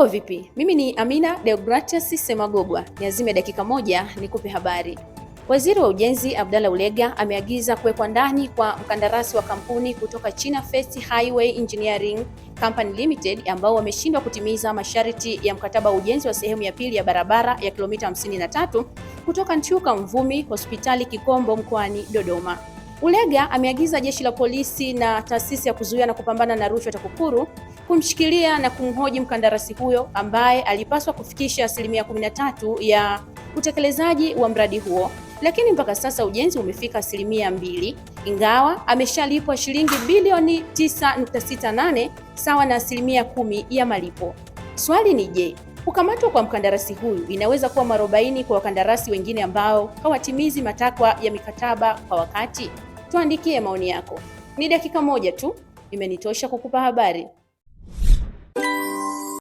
Mambo vipi? Mimi ni Amina Deogratius Semagogwa. Niazime dakika moja nikupe habari. Waziri wa Ujenzi Abdalla Ulega ameagiza kuwekwa ndani kwa mkandarasi wa kampuni kutoka China First Highway Engineering Company Limited ambao wameshindwa kutimiza masharti ya mkataba wa ujenzi wa sehemu ya pili ya barabara ya kilomita 53 kutoka Nchuka Mvumi Hospitali Kikombo mkoani Dodoma. Ulega ameagiza jeshi la polisi na taasisi ya kuzuia na kupambana na rushwa TAKUKURU kumshikilia na kumhoji mkandarasi huyo ambaye alipaswa kufikisha asilimia 13 ya utekelezaji wa mradi huo, lakini mpaka sasa ujenzi umefika asilimia mbili, ingawa ameshalipwa shilingi bilioni 9.68 sawa na asilimia kumi ya malipo. Swali ni je, kukamatwa kwa mkandarasi huyu inaweza kuwa marobaini kwa wakandarasi wengine ambao hawatimizi matakwa ya mikataba kwa wakati? tuandikie maoni yako. Ni dakika moja tu imenitosha kukupa habari.